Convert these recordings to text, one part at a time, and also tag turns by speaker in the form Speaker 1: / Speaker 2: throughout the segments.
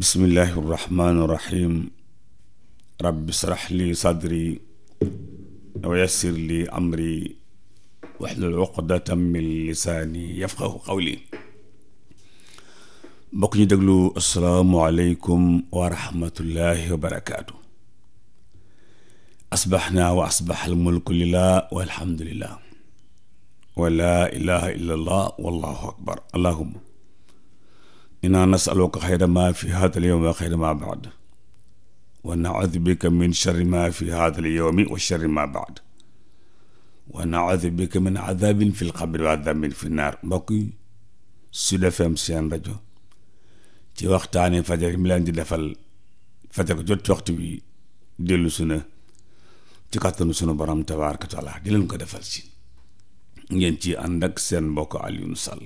Speaker 1: bismillahi irrahmani irrahim rabbi srax li sadri wa yassir li amri waxlul uqdatan min lisaani yafqahu qawli mbokk ñu déglu asalaamu aleykum wa rahmatullahi wa barakaatu asbaxna wa asbax almulku lillah walhamdulillah wa la ilaha illa allah wallahu akbar allahuma inaa nasaluka xayra ma fi haadal yowmi wa xayra ma baad wa naudu bika min sharri ma fi haadal yowmi wa sharri ma baad wa naudu bika min adaabin fi lxabri wa adaabin fi naar mbokk yi Sud FM seen rajo ci waxtaani fajar yi mu defal fajar ko jot waxtu bi dellu su na ci kàttanu sunu borom tabaaraka taala di leen ko defal si ngeen ci ànd ak seen mbokk Alioune Sall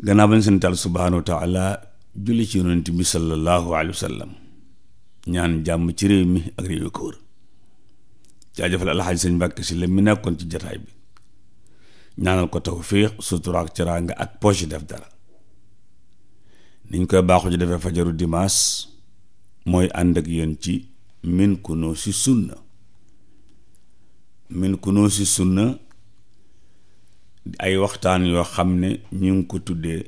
Speaker 1: gannaaw ba ñu sant Yàlla subhaanahu wa julli ci yonent bi sallallahu alayhi wa ñaan jàmm ci réew mi ak réew yu ko wër jaajëfal alxaaji sëñ Mbàkke si la mi nekkoon ci jataay bi ñaanal ko tawfiix sutura ak teraanga ak poche def dara niñ koy baaxu ci defee fajaru dimaas mooy ànd ak yéen ci min kunoo si sunna min si sunna ay waxtaan yoo xam ne ñu ngi ko tuddee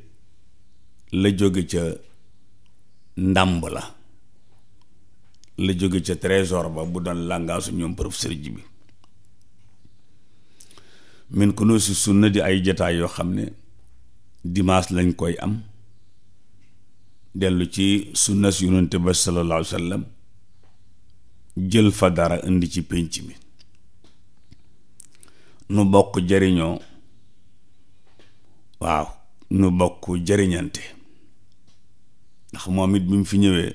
Speaker 1: la jóge ca ndàmb la la jóge ca trésor ba bu doon langaasu ñoom professeur ji bi min ko sunna di ay jataay yoo xam ne dimaas lañ koy am dellu ci sunna si yonente ba sallallahu alayhi wa sallam jël fa dara indi ci pénc mi nu bokk jariñoo waaw nu bokk jëriñante ndax moom it bi mu fi ñëwee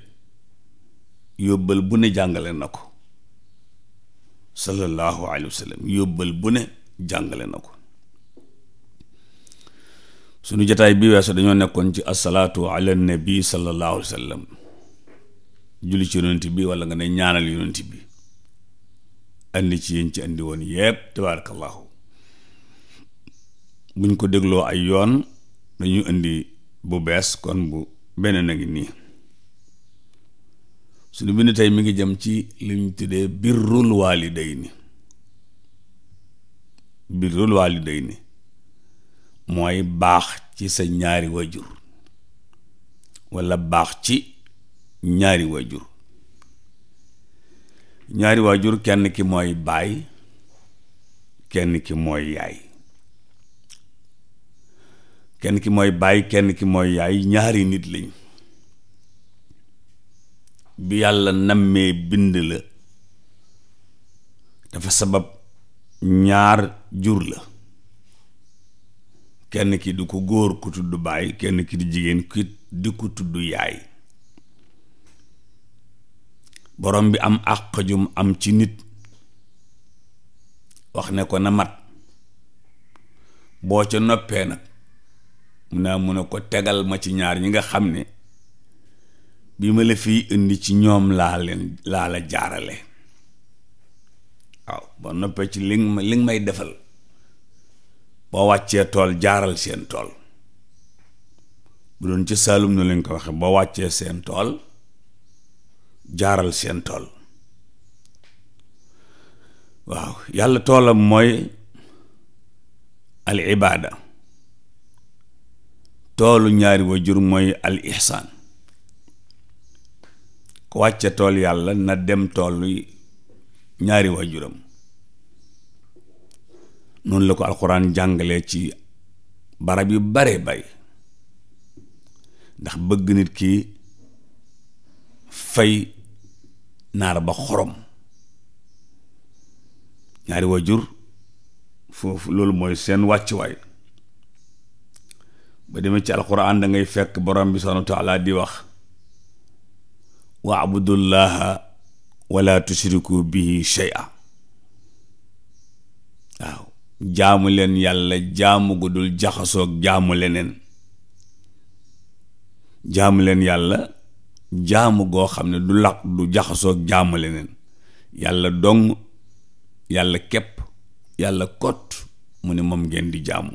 Speaker 1: yóbbal bu ne jàngale na ko sallallahu alayhi yóbbal bu ne jàngale na ko suñu jataay bi weesu dañoo nekkoon ci asalaatu ala nabi sallallahu alayhi wa julli ci yonent bi walla nga ne ñaanal yonent bi andi ci yéen ci andi woon yépp tabaarakallahu buñ ko dégloo ay yoon dañu indi bu bees kon bu beneen a ngi nii suñu bind tey mi ngi jëm ci li ñu tuddee birrul waalidayni birrul waalidayni mooy baax ci sa ñaari wajur walla baax ci ñaari wajur ñaari waajur kenn ki mooy baay kenn ki mooy yaay kenn ki mooy baay kenn ki mooy yaay ñaari nit lañ bi yàlla nammee bind la dafa sabab ñaar jur la kenn ki du ko góor ku tudd baay kenn ki du jigéen ki di ko tudd yaay borom bi am àq am ci nit wax ne ko na mat boo ca noppee nag mun naa mun a ko tegal ma ci ñaar ñi nga xam ne bi ma la fii indi ci ñoom laa leen laa la jaarale waaw ba noppee ci li ma li may defal boo wàccee tool jaaral seen tool bu doon ci Saalum nu leen ko waxe boo wàccee seen tool jaaral seen tool waaw yàlla toolam mooy al ibaada toolu ñaari wajur mooy al ihsaan ku wàcce tool yàlla na dem toolu ñaari wajuram noonu la ko alxuraan jàngale ci barab yu bare bay ndax bëgg nit ki fay naar ba xorom ñaari wajur foofu loolu mooy seen wàccuwaay ba demee ci alquran da ngay fekk borom bi subhaanahu wa taala di wax wa abudullaha wala tushriku bihi shay'a waaw jaamu leen yàlla jaamu gu dul jaxasoog jaamu leneen leen yàlla jaamu goo xam ne du laq du jaxasoog yàlla dong yàlla képp yàlla kot mu ne moom ngeen di jaamu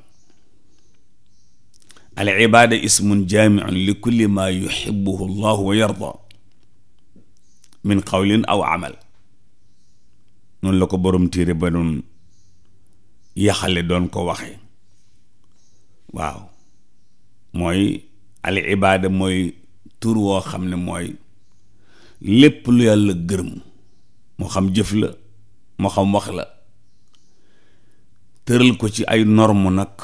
Speaker 1: al ibaada ismun jaamiun li kulli maa yuhibbuhu llahu wa yarda min qawlin aw amal noonu la ko borom téere ba doon yaxale doon ko waxe waaw mooy al ibaada mooy tur woo xam ne mooy lépp lu yàlla gërëm mu xam jëf la mu xam wax la tëral ko ci ay norme nag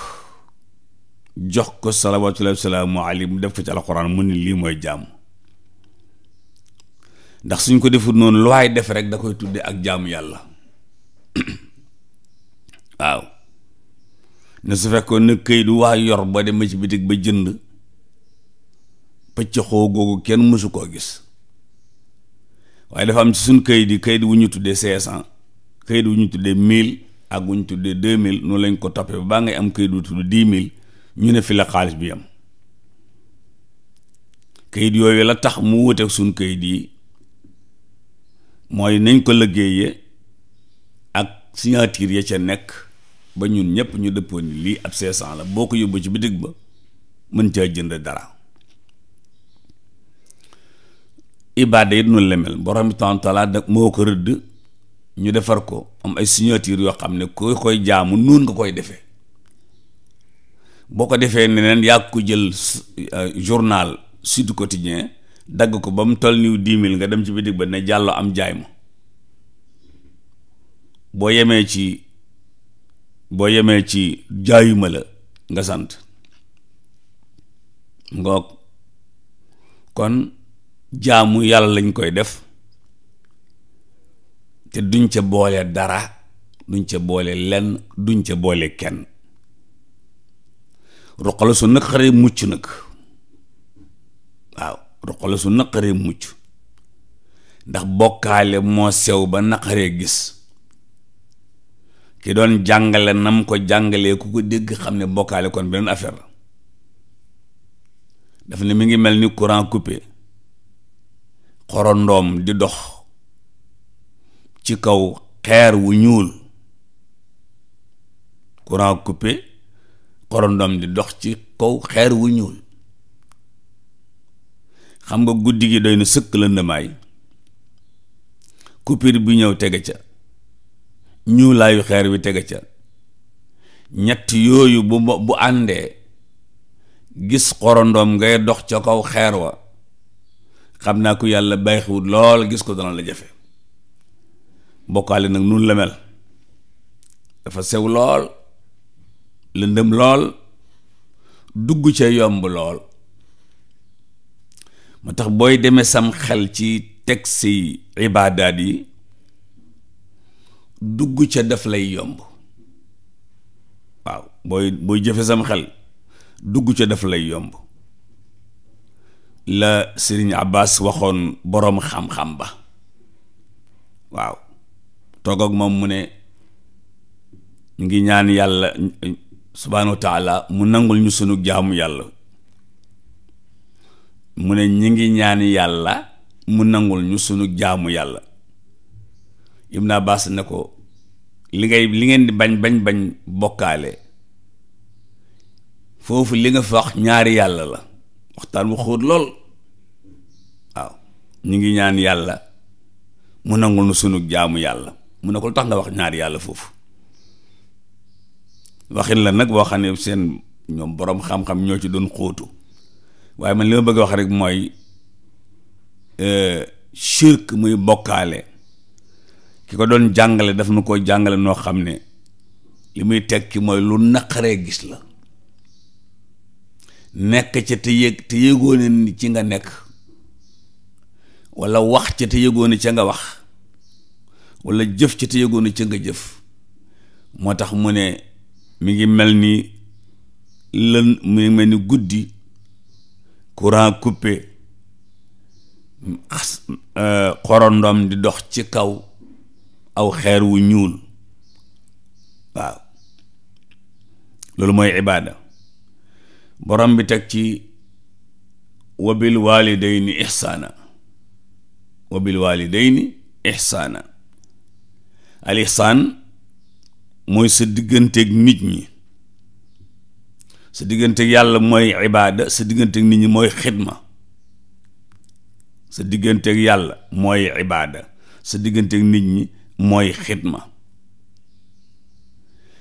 Speaker 1: jox ko salawaatullahi wasalaamu alayhi mu def ko ci alxuraan mu ne lii mooy jàmm ndax suñ ko defut noonu lu waay def rek da koy tudde ak jaamu yàlla waaw ne su fekkoon ne këy du waa yor ba dem ci bitig ba jënd pëcc xoo googu kenn mësu koo gis waaye dafa am ci suñ këyit yi këyit wu ñu tuddee cinq cent këyit wu ñu tuddee mille ak wu ñu tuddee deux mille noonu lañ ko toppee ba ngay am këyit wu tudd dix mille ñu ne fi la xaalis bi am kayit yooyu la tax mu wuteeg suñ kayit yi mooy nañ ko liggéeyee ak signature ya ca nekk ba ñun ñëpp ñu dëppoon ni lii ab 500 la boo ko yóbbu ci bitig ba mën caa jënd dara ibaada yi noonu la mel borom bi taala moo ko rëdd ñu defar ko am ay signature yoo xam ne ku koy jaamu nun nga koy defee boo ko defee neneen yàgg ko jël euh, journal Sud Quotidien dagg ko ba mu toll niw dix mille nga dem ci bitig ba ne jàllo am jaay ma boo yemee ci boo yemee ci jaayuma la nga sant ngoog kon jaamu yàlla lañ koy def te duñ ca boole dara duñ ca boole lenn duñ ca boole kenn ruqala su naqaree mucc nag waaw ruqala su naqaree mucc ndax bokkaale moo sew ba naqaree gis ki doon jàngale nam ko jàngalee ku ko dégg xam ne bokkaale kon beneen affaire la daf ne mi ngi mel ni courant coupé xorondoom di dox ci kaw xeer wu ñuul courant coupé korondom di dox ci kaw xeer wu ñuul xam nga guddi gi doy na sëkk lëndamaay coupure bi ñëw tege ca ñuulaayu xeer wi tege ca ñett yooyu bu bu àndee gis xorondom ngay dox ca kaw xeer wa xam naa ku yàlla bàyyixiwut lool gis ko dana la jafe bokkaale nag nun la mel dafa sew lool lëndëm lool dugg ca yomb lool moo tax booy deme sam xel ci teg si ibaadaat yi dugg ca daf lay yomb waaw booy booy jëfe sam xel dugg ca daf lay yomb la Sëriñ Abbas waxoon boroom xam-xam ba waaw toog ak moom mu ne ngi ñaan yàlla subhaanahu mu nangul ñu sunu jaamu yàlla mu ne ñi ngi ñaan yàlla mu nangul ñu sunu jaamu yàlla Ibn Abbas ne ko li ngay li ngeen di bañ bañ bañ bokkaale foofu li nga fa wax ñaari yàlla la waxtaan wu xóot lool waaw ñu ngi ñaan yàlla mu nangul nu sunu jaamu yàlla mu ne ko lu tax nga wax ñaari yàlla foofu waxin la nag boo xam ne seen ñoom boroom xam-xam ñoo ci doon xóotu waaye man li ma bëgg a wax rek mooy euh, shirk muy bokkaale ki ko doon jàngale daf nu ko jàngale noo xam ne li muy tekki mooy lu naqaree gis la nekk ca te yëg te yëgoo ni ci nga nekk walla wax ca te yëgoo ne ca nga wax walla jëf ca te yëgoo ne ca nga jëf moo tax mu ne mi ngi mel ni lën mi ngi mel ni guddi courant coupé euh, xorondom di dox ci kaw aw xeer wu ñuul waaw loolu mooy ibaada borom bi teg ci wabil walidayni ihsaana wabil walidayni ihsaana al ihsaan mooy sa digganteeg nit ñi sa digganteeg yàlla mooy ibaada sa digganteeg nit ñi mooy xidma sa digganteeg yàlla mooy ibaada sa digganteeg nit ñi mooy xidma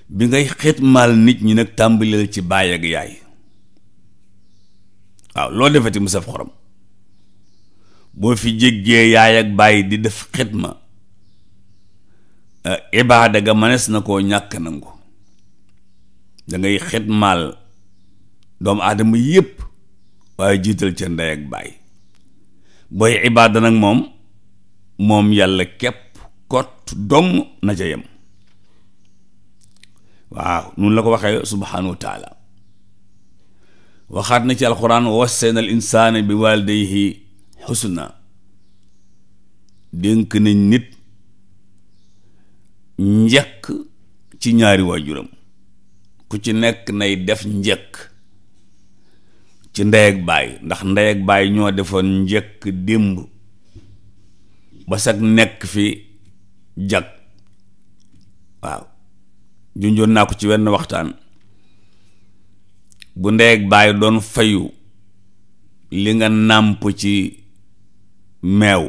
Speaker 1: bi ngay xidmaal nit ñi nag tàmbaleel ci baay ak yaay waaw loo defati mu saf xorom boo fi jéggee yaay ak baay di def xidma Eh, ibaada ga mënees na koo ñàkk nangu dangay xetmaal doomu aadama yépp waaye jiital ca ndey ak baay booy ibaada nag moom moom yàlla képp kot dong na ca yem waaw nun la ko waxee subhaanahu wa waxaat na ci alquran wassayna al insaana bi waalidayhi xusna dénk nañ nit njëkk ci ñaari waajuram ku ci nekk nay def njëkk ci ndey ak baay ndax ndey baay ñoo defoon njëkk démb ba sag nekk fi jag waaw junjoon naa ko ci wenn waxtaan bu ndey ak baay doon fayu li nga nàmp ci meew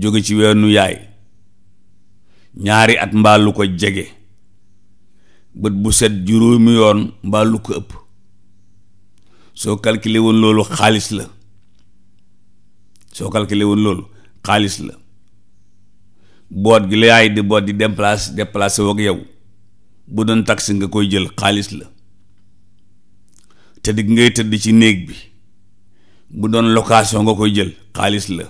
Speaker 1: jóge ci weenu yaay ñaari at mbaa ko jege bët bu set juróomi yoon mbaa ko ëpp soo calculé woon loolu xaalis la soo calculé woon loolu xaalis la boot gi la yaay di boot di déplace déplacé woog yow bu doon taksi nga koy jël xaalis la tëdd ngay tëdd ci néeg bi bu doon location nga koy jël xaalis la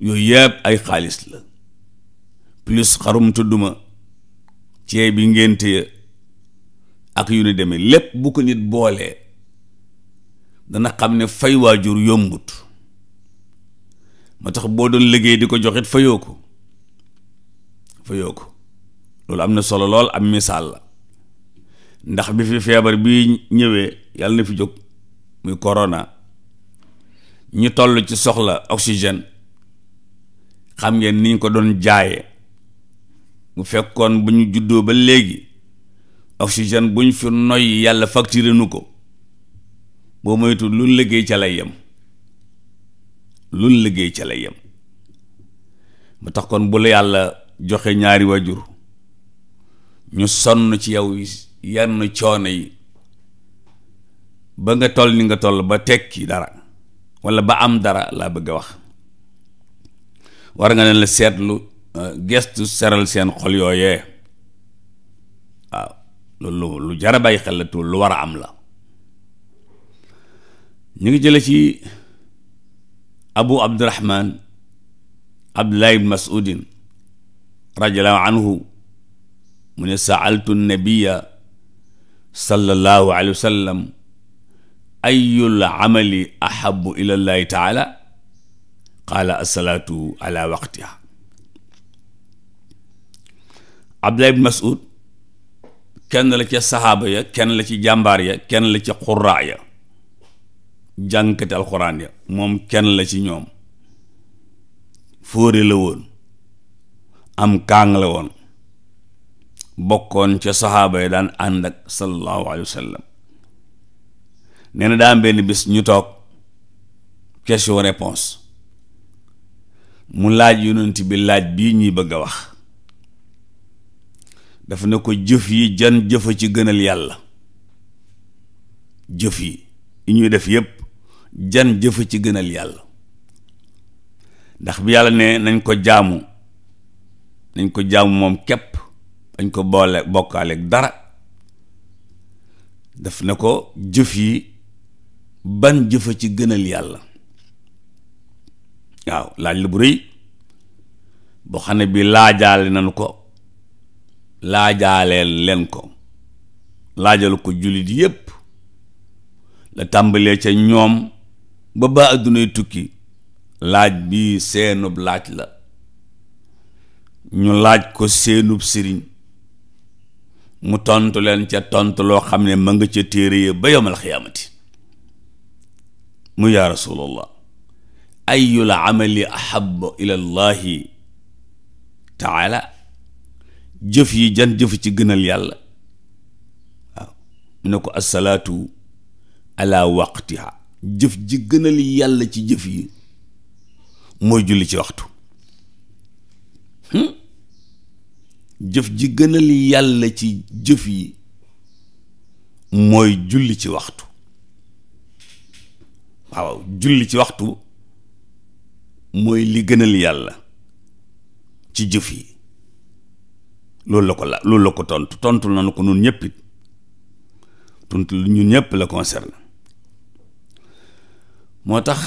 Speaker 1: yooyu yépp ay xaalis la plus xarum tudduma ceeb bi ngénte ya ak yu nu deme lépp bu ko nit boolee dana xam ne fay waajur yombut ma tax boo doon liggéey di ko joxit fayoo ko fayoo ko loolu am na solo lool am misaal la ndax bi fi feebar bi ñëwee yàlla na fi jóg muy corona ñu toll ci soxla oxygène xam ngeen ni ñu ko doon jaaye bu fekkoon bu ñu juddoo ba léegi oxygène bu ñu fi noy yàlla facturé nu ko boo moytu luñ liggéey ca lay yem luñ liggéey ca lay yem ba tax kon bu la yàlla joxe ñaari wajur ñu sonn ci yow yenn coono yi ba nga toll ni nga toll ba tekki dara walla ba am dara laa bëgg a wax war nga ne la seetlu Euh, gestu seral seen xol yooyee waaw loolu lu jar a bàyyi xel la tuul lu war a am la ñu ngi jële ci abu abdurahman abdullah ibn masudin radiallahu anhu mu ne saaltu nabiya sallallahu alayhi wa sallam ayul amali ahabu ila llahi taala qaala asalaatu ala waqtiha Abdullah ibn Mas'ud kenn la ca saxaaba ya kenn la ci jàmbaar ya kenn la ca xuraa ya jànkati alxuraan ya moom kenn la ci ñoom fóore la woon am kaang la woon bokkoon ca saxaaba ya daan ànd ak sallallahu alayhi wa sallam daa am bis ñu toog question réponse mu laaj yonent bi laaj bi ñuy bëgg a wax daf na ko jëf yi jan jëfa ci gënal yàlla jëf yi yi ñuy def yépp jan jëfa ci gënal yàlla ndax bi yàlla ne nañ ko jaamu nañ ko jaamu moom képp dañ ko boole bokkaaleeg dara daf na ko jëf yi ban jëfa ci gënal yàlla waaw laaj la bu rëy boo xam bi laajaale nanu ko laajaaleel leen ko laajal ko jullit yépp la tàmbalee ca ñoom ba ba addunay tukki laaj bi seenub laaj la ñu laaj ko seenub sëriñ mu tontu leen ca tontu loo xam ne mën nga ca téere ya ba yawmal xiyaamati mu yaa rasulallah ayul amali ahab ila allahi taala jëf yi jan jëf ci gënal yàlla waaw mu ne ko assalaatu ala waqtiha jëf ci jëf yi mooy julli ci waxtu hmm? jëf ji gënal yàlla ci jëf yi mooy julli ci waxtu waaw julli ci waxtu mooy li gënal yàlla ci jëf yi loolu la ko la loolu la ko tontu tontu nañu ko ñun ñëpp it tontu ñëpp la concerne moo tax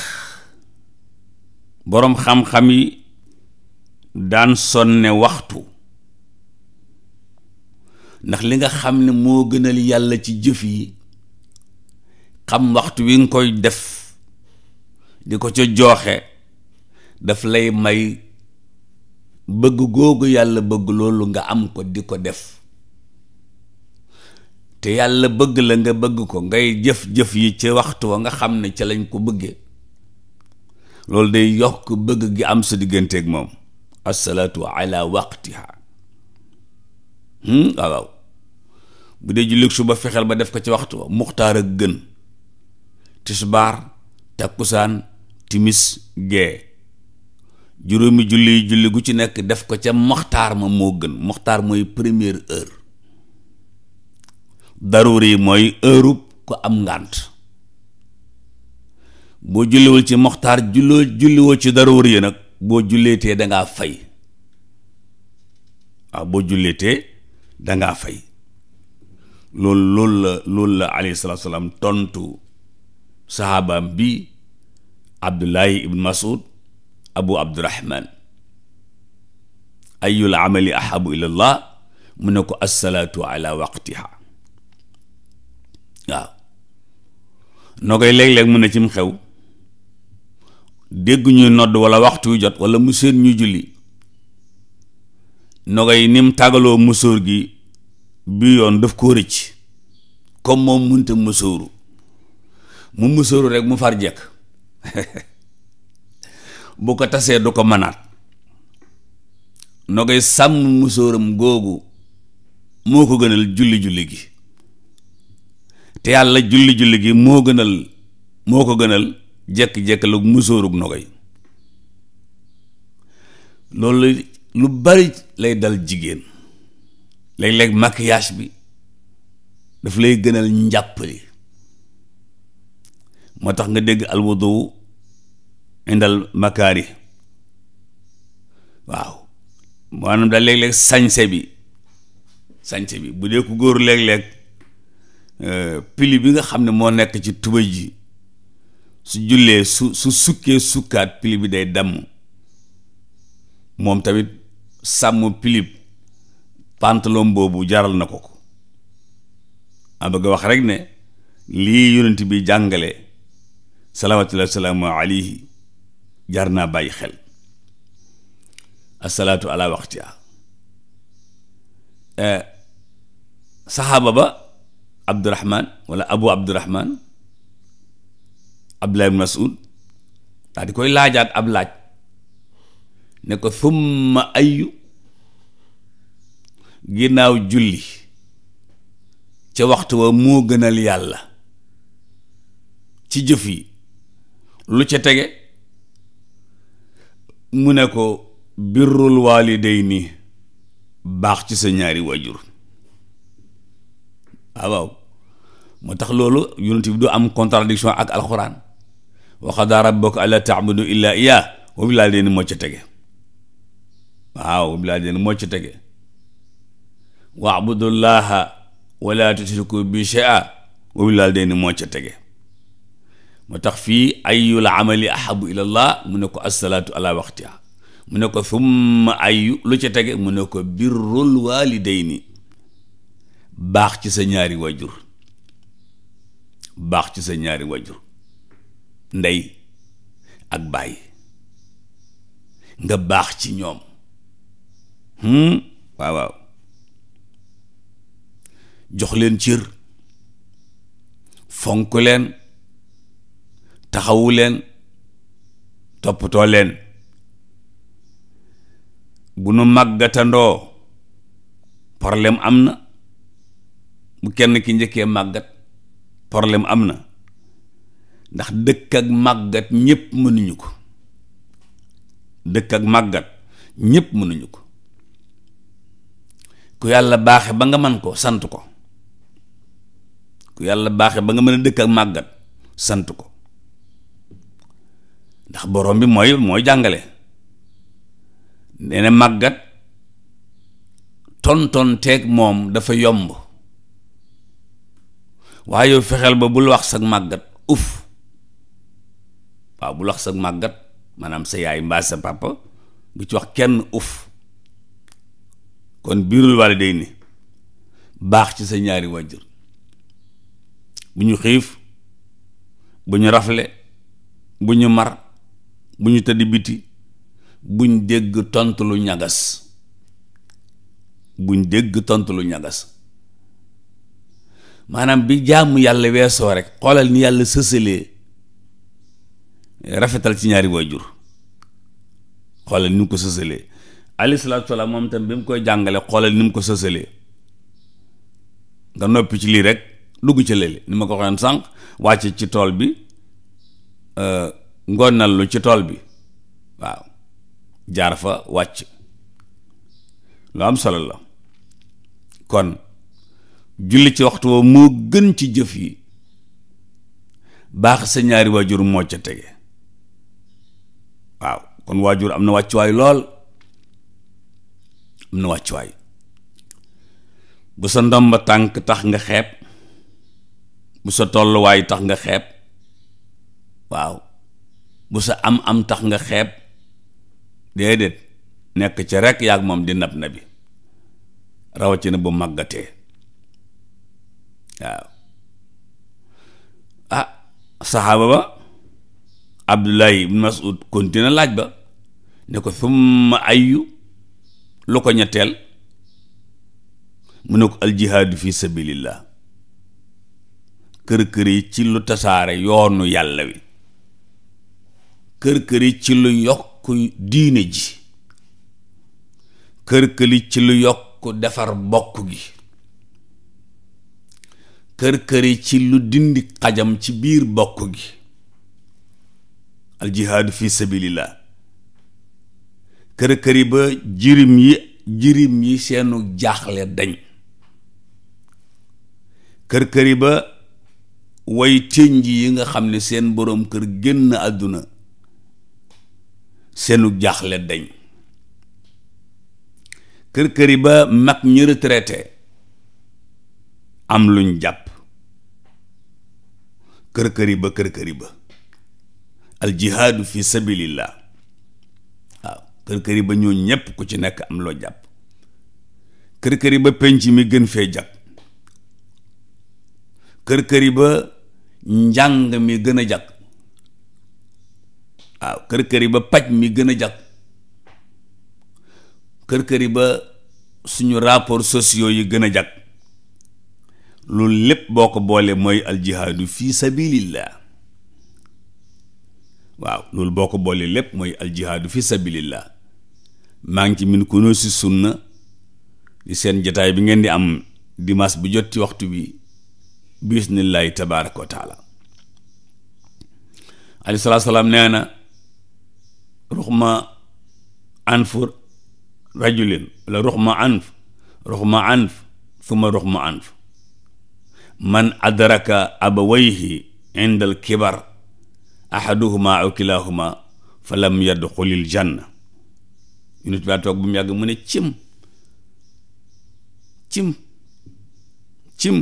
Speaker 1: boroom xam-xam yi daan sonne waxtu ndax li nga xam ne moo gënal yàlla ci jëf yi xam waxtu wi nga koy def di ko ca jooxe daf lay may bëgg googu yàlla bëgg loolu nga am ko di ko def te yàlla bëgg la nga bëgg ko ngay jëf-jëf yi ci waxtu wa nga xam ne ca lañ ko bëggee loolu day yokk bëgg gi am sa digganteeg moom assalaatu ala waqtiha hmm? waaw waaw bu dee jullit suba fexeel ba def ko ci waxtu wa muxtaar ak gën tisbaar takkusaan timis gee juróomi julli julli gu ci nekk def ko ca moxtaar ma moo gën moxtaar mooy première heure daruri mooy heure ko am ngànt boo julliwul ci moxtaar julloo julliwoo ci daruri yi nag boo julleetee dangaa fay waaw boo julleetee dangaa fay loolu loolu la loolu la alayhi salaam tontu sahabaam bi Abdullahi ibn Mas'ud abu abdurahman ayul amali ahabu ilallah mu ne ko assalaatu ala waqtiha waaw noo koy léeg-léeg mu ne cim xew dégg ñu nodd wala waxtu jot wala mu seen ñu julli nogay ni mu tàggaloo musóor gi bi yoon daf koo rëcc comme moom munta musóoru mu musóoru rek mu far jekk bu ko tasee du ko mënaat nogay sàmm musóoram googu moo ko gënal julli-julli gi te yàlla julli-julli gi moo gënal moo ko gënal jekk-jekk lu musóorug nogay loolu lu bari lay dal jigéen lay léeg maquillage bi daf lay gënal njàpp li moo tax nga dégg alwudu indal makaari waaw maanaam daal léeg-léeg sañse bi sañse bi bu dee ku góor léeg-léeg euh, pili bi nga xam ne moo nekk ci tubëj ji su jullee su su sukkee sukkaat pili bi day damm moom tamit sàmm pilib pantalon boobu jaral na ko ko a bëgg wax rek ne lii yonent bi jàngale salawaatullahi salaamu alayhi jar naa bàyyi xel asalaatu ala waxtiha eh, saxaaba ba abdurahman wala abu abdurahman abdullah ibn masud daal di koy laajaat ab laaj ne ko thumma ayu ginnaaw julli ca waxtu wa moo gënal yàlla ci jëf yi lu ca tege mu ne ko birrul waalidayni baax ci sa ñaari waajur ah, waaw moo tax loolu yonent bi du am contradiction ak alxuraan wa qadaa rabbuka allaa ta'budu illaa iyyaah wa bil waalidayni moo ca tege waaw wa bil waalidayni moo ca tege wa'budullaaha wa laa tushriku moo ca tege moo tax fii ayul amali ahabu ilallah mu ne ko assalaatu ala waxtiha mu ne ko thumma ayu lu ca tege mu ne ko birrul walidayni baax ci sa ñaari wajur baax ci sa ñaari wajur ndey ak baay nga baax ci ñoom hmm? waaw waaw jox leen cër fonk leen taxawu leen toppatoo leen bu nu màggatandoo problème am na bu kenn ki njëkkee màggat problème am na ndax dëkk ak màggat ñépp mënuñu ko dëkk ak màggat ñépp mënuñu ko ku yàlla baaxe ba nga man ko sant ko ku yàlla baaxe ba nga mën a dëkk ak màggat sant ko ndax borom bi mooy mooy jàngale nee na màggat tonton teeg moom dafa yomb waaye yow fexeel ba bul wax sag màggat uf waaw bul wax sag màggat maanaam sa yaay mbaa sa papa bu ci wax kenn uf kon biirul wàll day ni baax ci sa ñaari wàjjur bu ñu xiif bu ñu rafle bu ñu mar bu ñu tëdd biti buñ dégg tontu lu ñagas buñ dégg tontu lu ñagas maanaam bi jaamu yàlla weesoo rek xoolal ni yàlla sësalee rafetal ci ñaari waajur xoolal ni mu ko sësalee alayhi salaatu salaam moom tam bi mu koy jàngale xoolal ni mu ko sësalee nga noppi ci lii rek dugg ci lële ni ma ko waxoon sànq wàcce ci tool bi euh, na lu ci tool bi waaw jaar fa wàcc lu am solo la kon julli ci waxtu wa moo gën ci jëf yi baax sa ñaari waajur moo ca tege waaw kon waajur am na wàccuwaay lool am na wàccuwaay bu sa ndomb tànk tax nga xeeb bu sa tolluwaay tax nga xeeb waaw bu sa am am tax nga xeeb déedéet nekk ci rek yaag moom di nab nabi rawatina bu màggatee waaw ah saxaaba ba abdullahi ibn mas'ud kontina laaj ba ne ko summa ayyu lu ko ñetteel mu ne ko aljihaadu fi kër kër yi ci lu tasaare yoonu yàlla wi kër-këri ci lu yokk diine ji kër-këri ci lu yokk defar bokk gi kër-këri ci lu dindi xajam ci biir bokk gi aljihaadu fi kër-këri ba jirim yi jirim yi seenu jaaxle dañ kër-këri ba way tënj yi nga xam ne seen boroom kër génn àdduna seenu jaaxle dañ kër-këri ba mag ñi retraité am luñ jàpp kër-këri ba kër-këri ba al jihaadu fi sabilillah waaw kër-këri ba ñoo ñépp ku ci nekk am loo jàpp kër-këri ba penc mi gën fee jag kër-këri ba njàng mi gën a jàkk waaw kër-këri ba paj mi gën a jag kër-këri ba suñu rapport sociaux yi gën a jag loolu lépp boo ko boole mooy aljihaadu fi sabilillah waaw loolu boo ko boole lépp mooy aljihaadu fi sabilillah maa ngi ci min kunoo si sunna di seen jataay bi ngeen di am dimanche bu jot ci waxtu bi bismillahi tabaaraka wa taala alayhi salaatu salaam ruxma anf rajulin wala ruxma anf ruxma anf summa ruxma anf man adraka abawayhi inda al kibar ahaduhuma aw kilahuma fa lam yadxulil janna ñu nit baa toog bu mu yàgg mu cim cim cim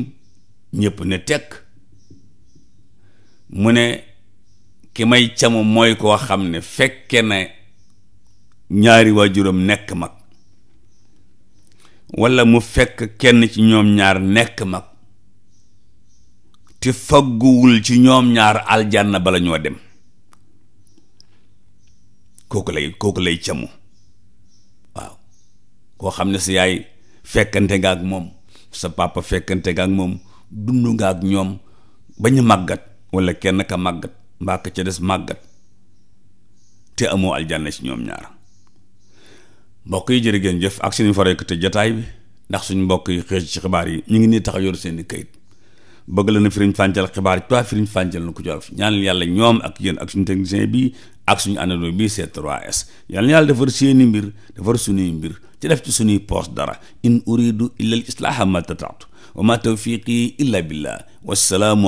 Speaker 1: ñëpp ne tekk mu ki may camu mooy koo xam ne fekke na ñaari waajuram nekk mag walla mu fekk kenn ci ñoom ñaar nekk mag te fagguwul ci ñoom ñaar aljanna bala ñoo dem kooku lay kooku lay camu waaw koo xam ne sa yaay fekkante nga ak moom sa papa fekkante nga ak moom dund nga ak ñoom ba ñu màggat walla kenn ka màggat mbaa ka ca des màggat te amoo aljanna ci ñoom ñaar mbokk yi jërë ngeen jëf ak suñu faral te jataay bi ndax suñu mbokk yi xëy ci xibaar yi ñu ngi nii tax a yor seen i kayit bëgg la na firiñ fàncal xibaar yi toi firiñ fàncal na ko jolof ñaan yàlla ñoom ak yéen ak suñu technicien bi ak suñu àndandoo bi C3S yal na yàlla defar seeni mbir defar suñuy mbir ci def ci suñuy poos dara in uridu illa al islaaha ma tataatu wa ma tawfiqi illa billah wassalaamu